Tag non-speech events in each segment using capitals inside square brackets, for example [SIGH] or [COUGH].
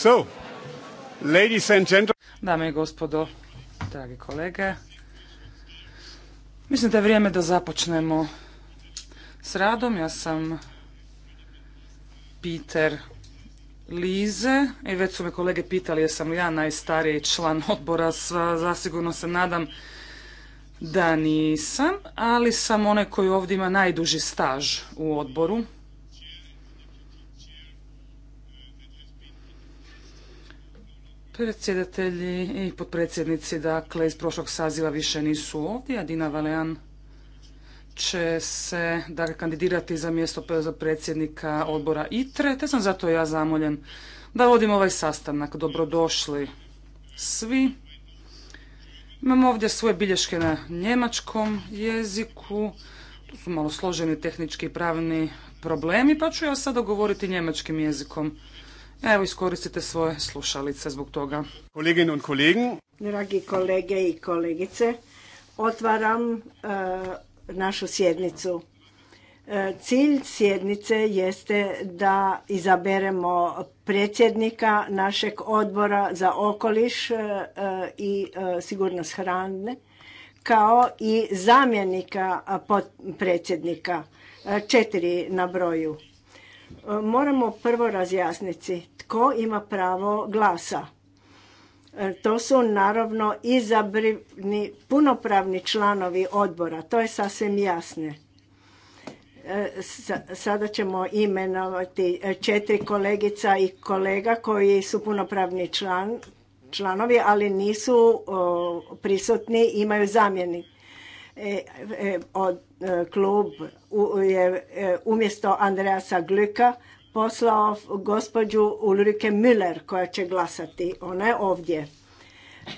So, and Dame i gospodo, dragi kolege, mislim da je vrijeme da započnemo s radom. Ja sam Peter Lize i već su me kolege pitali jesam li ja najstariji član odbora, zasigurno se nadam da nisam, ali sam onaj koji ovdje ima najduži staž u odboru. Predsjedatelji i potpredsjednici dakle iz prošlog saziva više nisu ovdje, a Dina Valean će se dakle, kandidirati za mjesto za predsjednika odbora ITRE, te sam zato ja zamoljen da vodim ovaj sastanak. Dobrodošli svi. Imamo ovdje svoje bilješke na njemačkom jeziku. Tu su malo složeni tehnički i pravni problemi, pa ću ja sada govoriti njemačkim jezikom. Evo iskoristite svoje slušalice zbog toga. Kolegin i Dragi kolege i kolegice, otvaram e, našu sjednicu. E, cilj sjednice jeste da izaberemo predsjednika našeg odbora za okoliš e, i sigurnost hrane kao i zamjenika predsjednika. Četiri na broju. E, moramo prvo razjasniti tko ima pravo glasa. E, to su naravno izabrani punopravni članovi odbora, to je sasvim jasno. E, sada ćemo imenovati četiri kolegica i kolega koji su punopravni član, članovi, ali nisu o, prisutni, imaju zamjeni. od klub je e, umjesto Andreasa Glüka poslao gospođu Ulrike Müller koja će glasati. Ona je ovdje.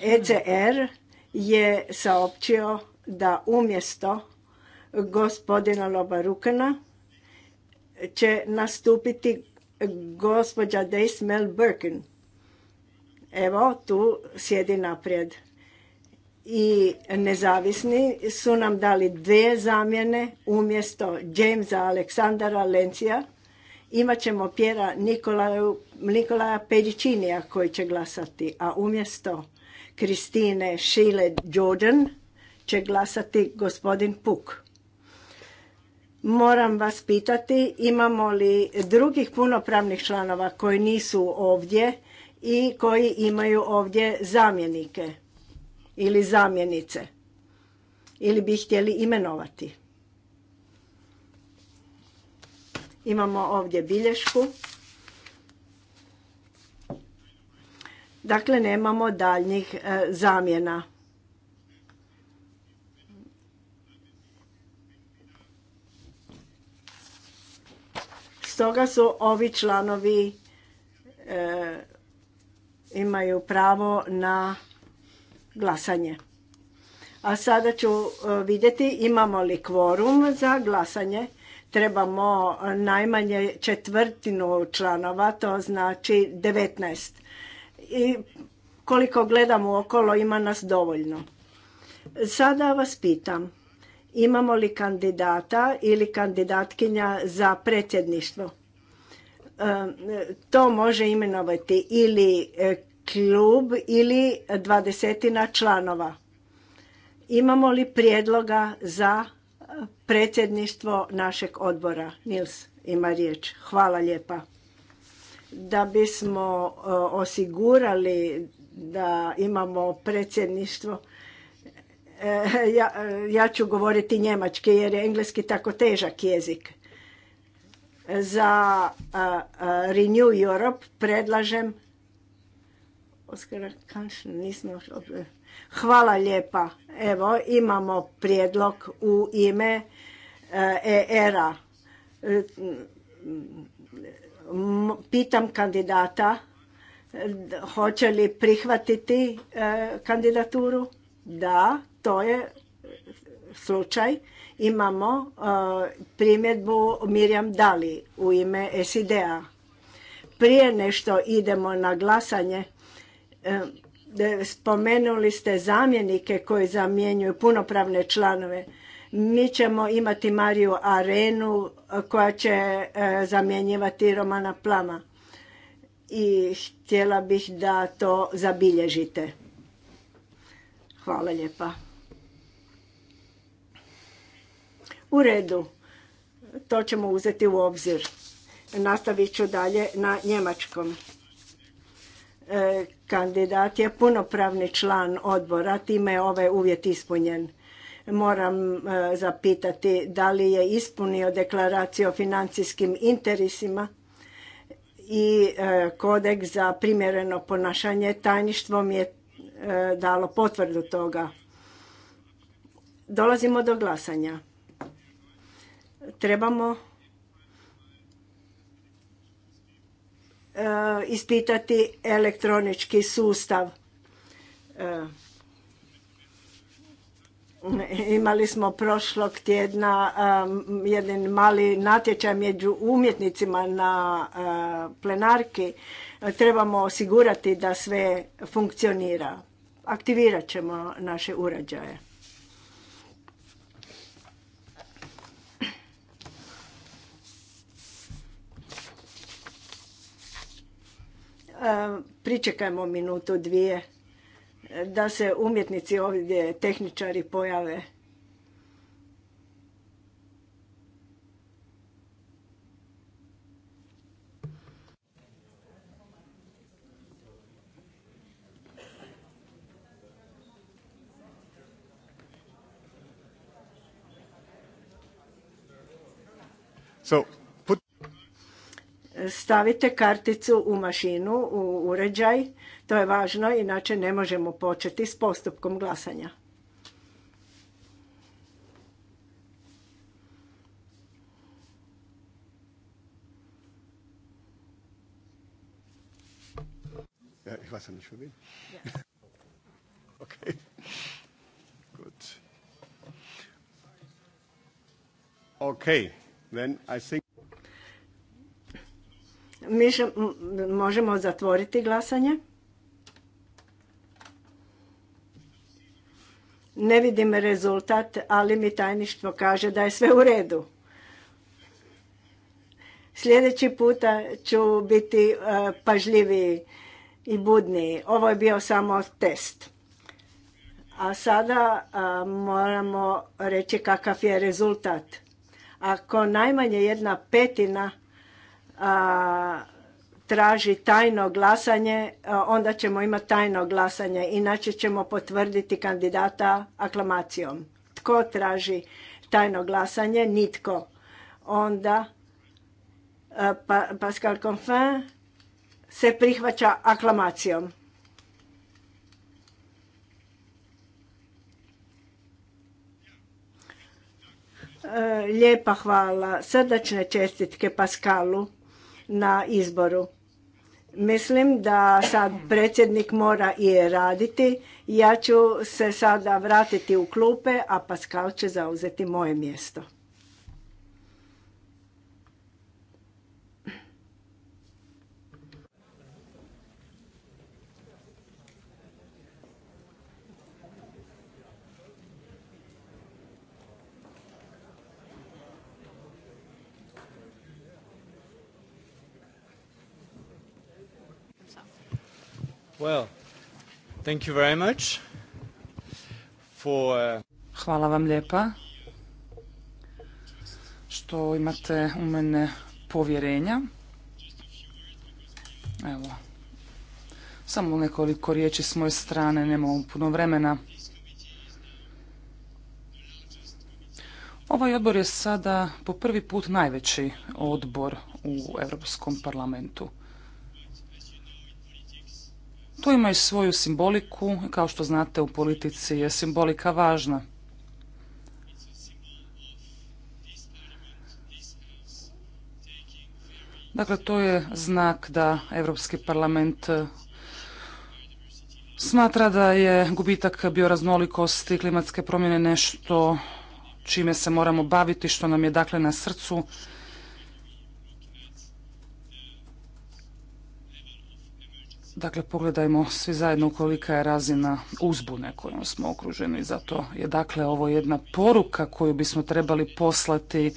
ECR je saopćio da umjesto gospodina Loba Rukena će nastupiti gospođa Deismel Birkin. Evo, tu sjedi naprijed i nezavisni su nam dali dve zamjene umjesto Jamesa Aleksandara Lencija imat ćemo Pjera Nikolaju, Nikolaja Pedicinija koji će glasati, a umjesto Kristine Šile Jordan će glasati gospodin Puk. Moram vas pitati imamo li drugih punopravnih članova koji nisu ovdje i koji imaju ovdje zamjenike ili zamjenice ili bi htjeli imenovati. Imamo ovdje bilješku. Dakle, nemamo daljnjih e, zamjena. Stoga su ovi članovi e, imaju pravo na glasanje. A sada ću e, vidjeti imamo li kvorum za glasanje. Trebamo e, najmanje četvrtinu članova, to znači 19. I koliko gledamo okolo ima nas dovoljno. Sada vas pitam, imamo li kandidata ili kandidatkinja za predsjedništvo? E, to može imenovati ili klub ili dvadesetina članova. Imamo li prijedloga za e, predsjedništvo našeg odbora? Nils ima riječ. Hvala lijepa. Da bismo e, osigurali da imamo predsjedništvo, e, ja, ja ću govoriti njemački jer je engleski tako težak jezik. Za Renew Europe predlažem nismo... Hvala lijepa. Evo, imamo prijedlog u ime ERA. E e, pitam kandidata hoće li prihvatiti e, kandidaturu. Da, to je slučaj. Imamo primjedbu Mirjam Dali u ime SID-a. Prije nešto idemo na glasanje, E, e, spomenuli ste zamjenike koji zamjenjuju punopravne članove. Mi ćemo imati Mariju Arenu e, koja će zamjenjivati Romana Plama. I htjela bih da to zabilježite. Hvala lijepa. U redu. To ćemo uzeti u obzir. Nastavit ću dalje na njemačkom kandidat je punopravni član odbora, time je ovaj uvjet ispunjen. Moram e, zapitati da li je ispunio deklaraciju o financijskim interesima i e, kodeks za primjereno ponašanje. Tajništvo mi je e, dalo potvrdu toga. Dolazimo do glasanja. Trebamo Eh, ispitati elektronički sustav. Eh, imali smo prošlog tjedna eh, jedan mali natječaj među umjetnicima na plenarki. Trebamo osigurati da sve funkcionira. Aktivirat ćemo naše urađaje. pričekajmo minutu, dvije, da se umjetnici ovdje, tehničari pojave. So stavite karticu u mašinu, u uređaj. To je važno, inače ne možemo početi s postupkom glasanja. I [LAUGHS] možemo zatvoriti glasanje. Ne vidim rezultat, ali mi tajništvo kaže da je sve u redu. Sljedeći puta ću biti e, pažljiviji i budniji. Ovo je bio samo test. A sada e, moramo reći kakav je rezultat. Ako najmanje jedna petina traži tajno glasanje, onda ćemo imati tajno glasanje, inače ćemo potvrditi kandidata aklamacijom. Tko traži tajno glasanje? Nitko. Onda pa, Pascal Confin se prihvaća aklamacijom. Lijepa hvala, srdačne čestitke Paskalu na izboru. Mislim da sad predsjednik mora i raditi. Ja ću se sada vratiti u klupe, a Pascal će zauzeti moje mjesto. Uh, Hvala vam lijepa što imate u mene povjerenja. Evo, samo nekoliko riječi s moje strane, nemam puno vremena. Ovaj odbor je sada po prvi put najveći odbor u Europskom parlamentu. Tu i svoju simboliku, kao što znate u politici je simbolika važna. Dakle, to je znak da Europski parlament eh, smatra da je gubitak bioraznolikosti i klimatske promjene nešto čime se moramo baviti, što nam je dakle na srcu Dakle, pogledajmo svi zajedno kolika je razina uzbune kojom smo okruženi. Zato je dakle ovo jedna poruka koju bismo trebali poslati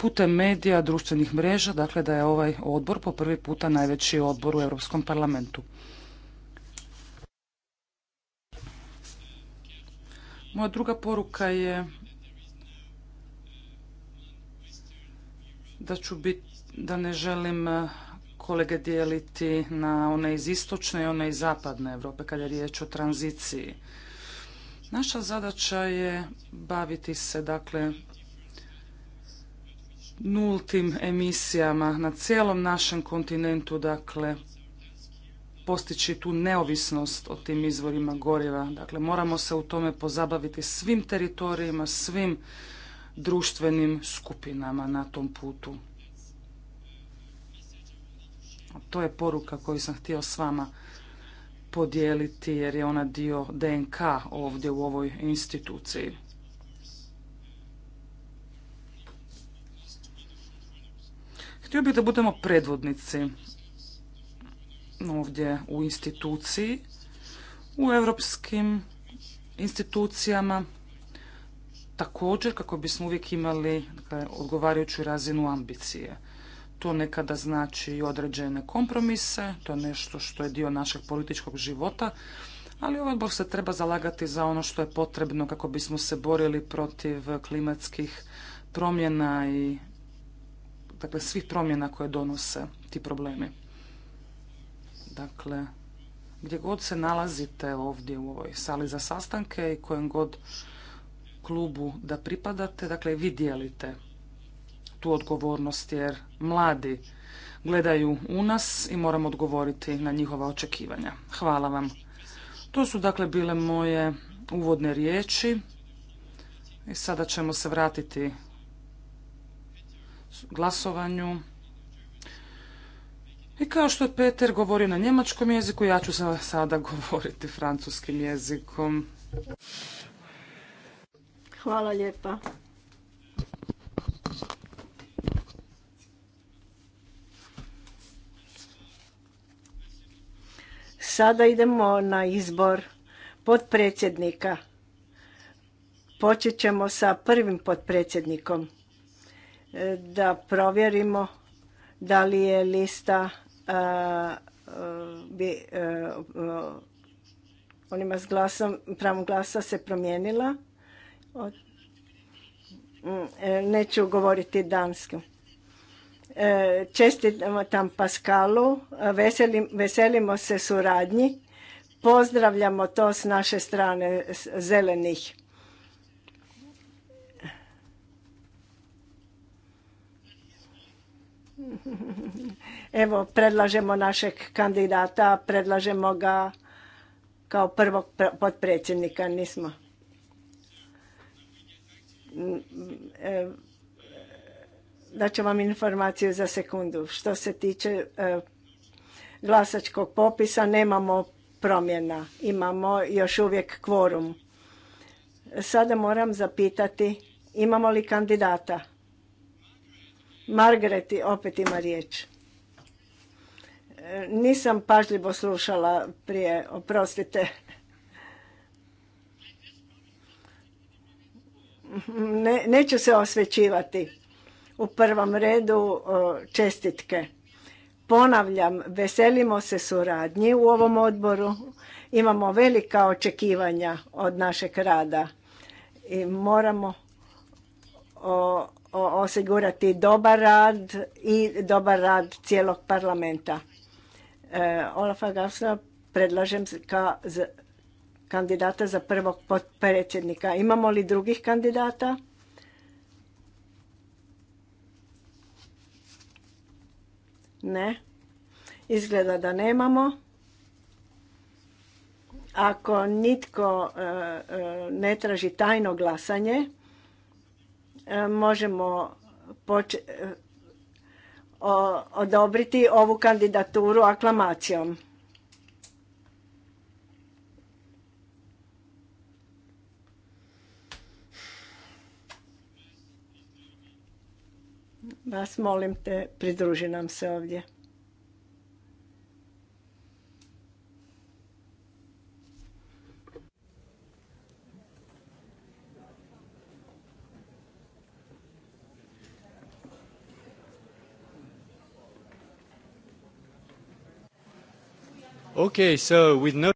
putem medija, društvenih mreža, dakle da je ovaj odbor po prvi puta najveći odbor u Europskom parlamentu. Moja druga poruka je da ću biti, da ne želim kolege dijeliti na one iz istočne i one iz zapadne Europe kad je riječ o tranziciji. Naša zadaća je baviti se dakle nultim emisijama na cijelom našem kontinentu, dakle postići tu neovisnost o tim izvorima goriva. Dakle, moramo se u tome pozabaviti svim teritorijima, svim društvenim skupinama na tom putu to je poruka koju sam htio s vama podijeliti jer je ona dio DNK ovdje u ovoj instituciji. Htio bih da budemo predvodnici ovdje u instituciji, u europskim institucijama, također kako bismo uvijek imali dakle, odgovarajuću razinu ambicije. To nekada znači i određene kompromise, to je nešto što je dio našeg političkog života, ali ovaj odbor se treba zalagati za ono što je potrebno kako bismo se borili protiv klimatskih promjena i dakle svih promjena koje donose ti problemi. Dakle, gdje god se nalazite ovdje u ovoj sali za sastanke i kojem god klubu da pripadate, dakle vi dijelite tu odgovornost jer mladi gledaju u nas i moramo odgovoriti na njihova očekivanja. Hvala vam. To su dakle bile moje uvodne riječi i sada ćemo se vratiti glasovanju. I kao što je Peter govori na njemačkom jeziku, ja ću sada [LAUGHS] govoriti francuskim jezikom. Hvala lijepa. Sada idemo na izbor potpredsjednika. Počet ćemo sa prvim potpredsjednikom e, da provjerimo da li je lista e, e, onima s glasom, pravom glasa se promijenila. Mm, neću govoriti danskim. Čestitamo tam Paskalu, veselimo se suradnji, pozdravljamo to s naše strane zelenih. Evo, predlažemo našeg kandidata, predlažemo ga kao prvog potpredsjednika, nismo. Dat ću vam informaciju za sekundu. Što se tiče e, glasačkog popisa nemamo promjena. Imamo još uvijek kvorum. Sada moram zapitati imamo li kandidata. Margreti opet ima riječ. E, nisam pažljivo slušala prije, oprostite. neću se osvećivati. U prvom redu e, čestitke. Ponavljam, veselimo se suradnji u ovom odboru. Imamo velika očekivanja od našeg rada i moramo osigurati dobar rad i dobar rad cijelog parlamenta. E, Olafa Gafsa predlažem ka kandidata za prvog potpredsjednika. Imamo li drugih kandidata? Ne. Izgleda da nemamo. Ako nitko e, e, ne traži tajno glasanje, e, možemo odobriti ovu kandidaturu aklamacijom. vas molim te pridruži nam se ovdje. so with no...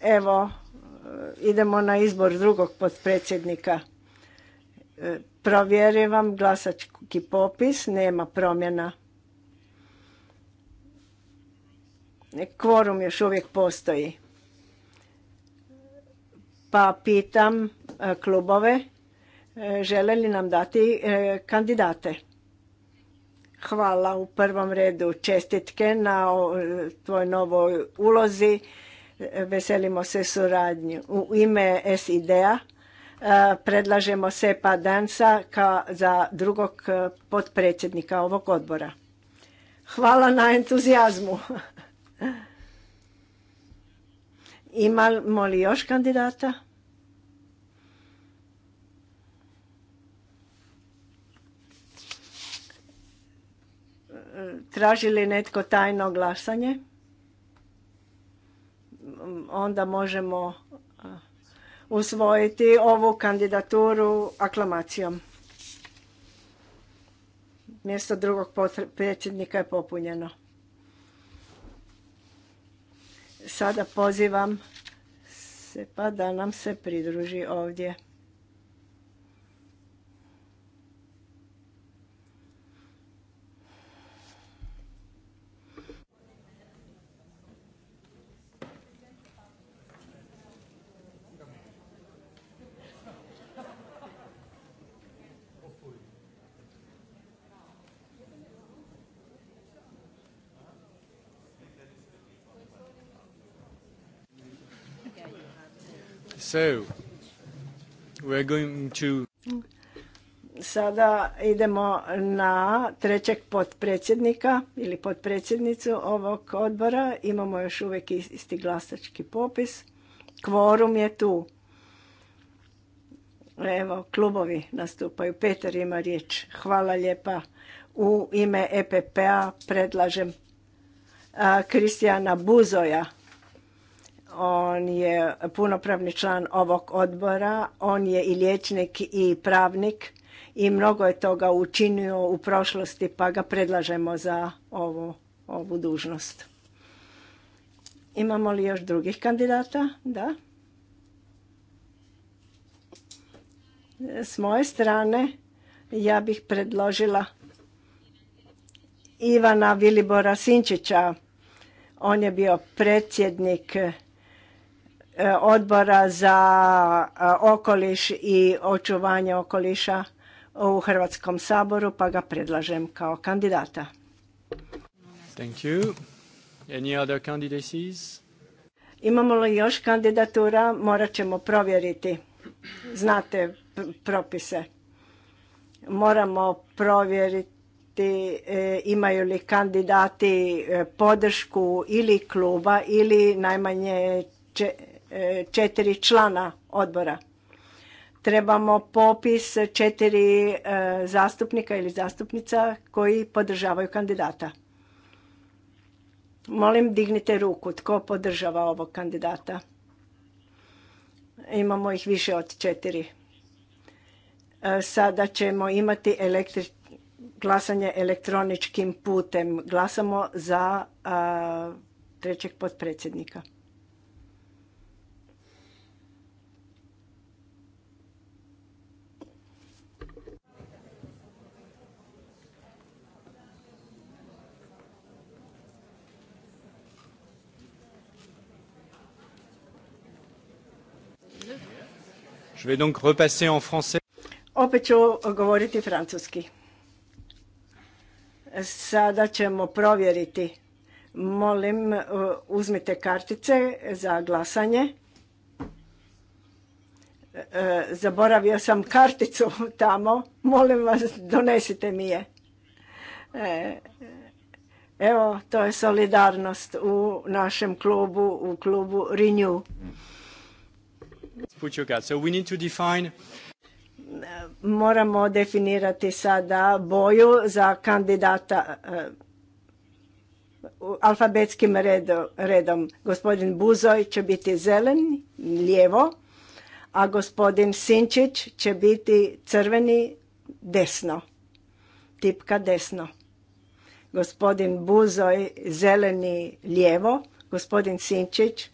Evo, idemo na izbor drugog potpredsjednika. E, Provjerivam glasački popis, nema promjena. Kvorum još uvijek postoji. Pa pitam e, klubove, e, žele li nam dati e, kandidate? Hvala u prvom redu čestitke na tvoj novoj ulozi. Veselimo se suradnju. U ime SID-a E, predlažemo Sepa Dansa za drugog e, potpredsjednika ovog odbora. Hvala na entuzijazmu. [LAUGHS] Imamo li još kandidata? Traži li netko tajno glasanje? Onda možemo usvojiti ovu kandidaturu aklamacijom. Mjesto drugog predsjednika je popunjeno. Sada pozivam se pa da nam se pridruži ovdje. So, we're going to... Sada idemo na trećeg potpredsjednika ili potpredsjednicu ovog odbora. Imamo još uvijek isti glasački popis. Kvorum je tu. Evo, klubovi nastupaju. Peter ima riječ. Hvala lijepa. U ime EPP-a predlažem Kristijana Buzoja on je punopravni član ovog odbora, on je i liječnik i pravnik i mnogo je toga učinio u prošlosti pa ga predlažemo za ovu, dužnost. Imamo li još drugih kandidata? Da. S moje strane ja bih predložila Ivana Vilibora Sinčića. On je bio predsjednik E, odbora za e, okoliš i očuvanje okoliša u Hrvatskom saboru, pa ga predlažem kao kandidata. Thank you. Any other Imamo li još kandidatura? Morat ćemo provjeriti. Znate propise. Moramo provjeriti e, imaju li kandidati podršku ili kluba ili najmanje E, četiri člana odbora. Trebamo popis četiri e, zastupnika ili zastupnica koji podržavaju kandidata. Molim, dignite ruku. Tko podržava ovog kandidata? Imamo ih više od četiri. E, sada ćemo imati glasanje elektroničkim putem. Glasamo za trećeg potpredsjednika. Je vais repasser en français. Opet ću govoriti francuski. Sada ćemo provjeriti. Molim, e, uzmite kartice za glasanje. E, zaboravio sam karticu [LAUGHS] tamo. Molim vas, donesite mi je. E, evo, to je solidarnost u našem klubu, u klubu Renew. Moramo definirati sada boju za kandidata e, alfabetskim redom. Gospodin Buzoj će biti zelen, lijevo, a gospodin Sinčić će biti crveni, desno. Tipka desno. Gospodin Buzoj zeleni lijevo, gospodin Sinčić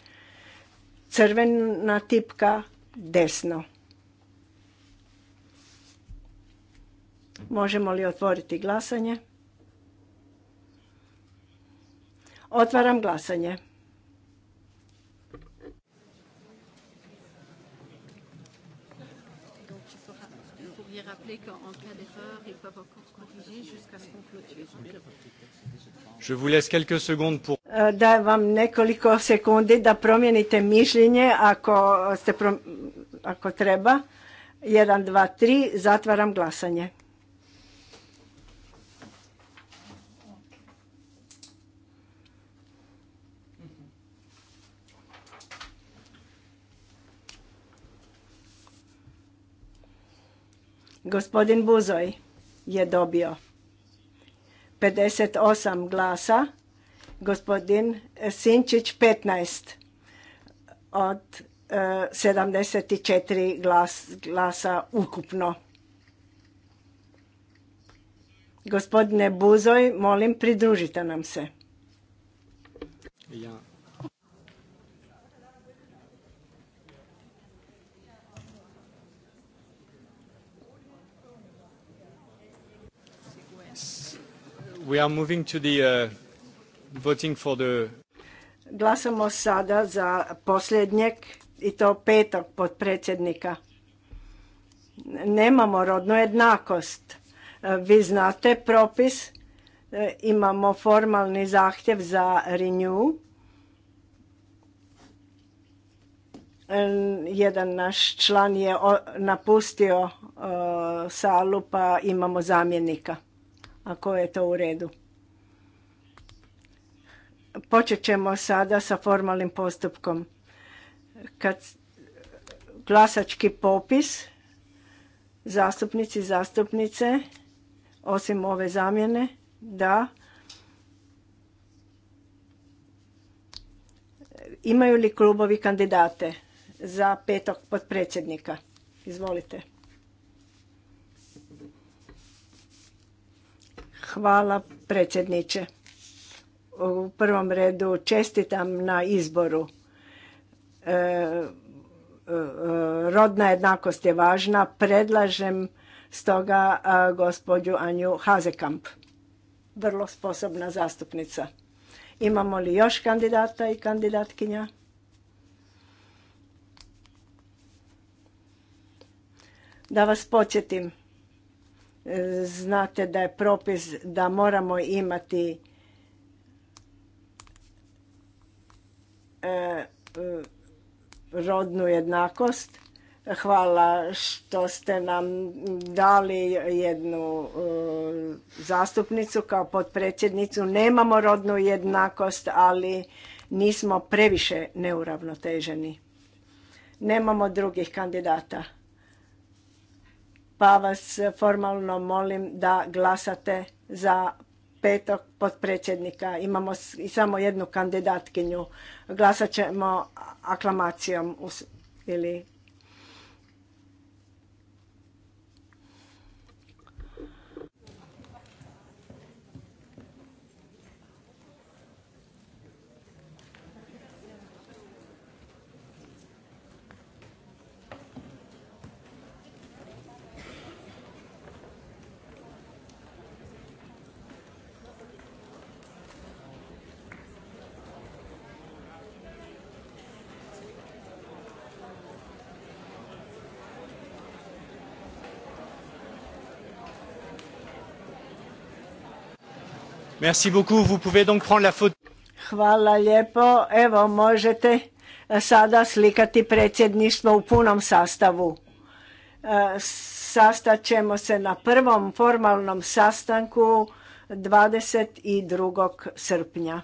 crvena tipka desno. Možemo li otvoriti glasanje? Otvaram glasanje. rappeler qu'en cas d'erreur, ils peuvent encore corriger jusqu'à ce qu'on clôture. Je vous laisse quelques secondes pour... E, da vam nekoliko sekundi da promijenite mišljenje ako, ste pro... ako treba. 1, 2, 3. Zatvaram glasanje. Gospodin Buzoj je dobio 58 glasa, gospodin Sinčić 15 od 74 e, glasa ukupno. Gospodine Buzoj, molim pridružite nam se. Ja. We are moving to the uh, voting for the... Glasamo sada za posljednjeg i to petog podpredsjednika. Nemamo rodnu jednakost. E, vi znate propis, e, imamo formalni zahtjev za renew. E, jedan naš član je napustio salu pa imamo zamjenika ako je to u redu. Počet ćemo sada sa formalnim postupkom. Kad glasački popis, zastupnici i zastupnice, osim ove zamjene, da imaju li klubovi kandidate za petog potpredsjednika? Izvolite. Hvala predsjedniče. U prvom redu čestitam na izboru. E, e, rodna jednakost je važna. Predlažem stoga e, gospođu Anju Hazekamp. Vrlo sposobna zastupnica. Imamo li još kandidata i kandidatkinja? Da vas podsjetim Znate da je propis da moramo imati e, rodnu jednakost. Hvala što ste nam dali jednu e, zastupnicu kao potpredsjednicu. Nemamo rodnu jednakost, ali nismo previše neuravnoteženi. Nemamo drugih kandidata pa vas formalno molim da glasate za petog potpredsjednika. Imamo i samo jednu kandidatkinju. Glasat ćemo aklamacijom ili Merci Hvala lijepo. Evo možete sada slikati predsjedništvo u punom sastavu. E, sastat ćemo se na prvom formalnom sastanku 22. srpnja.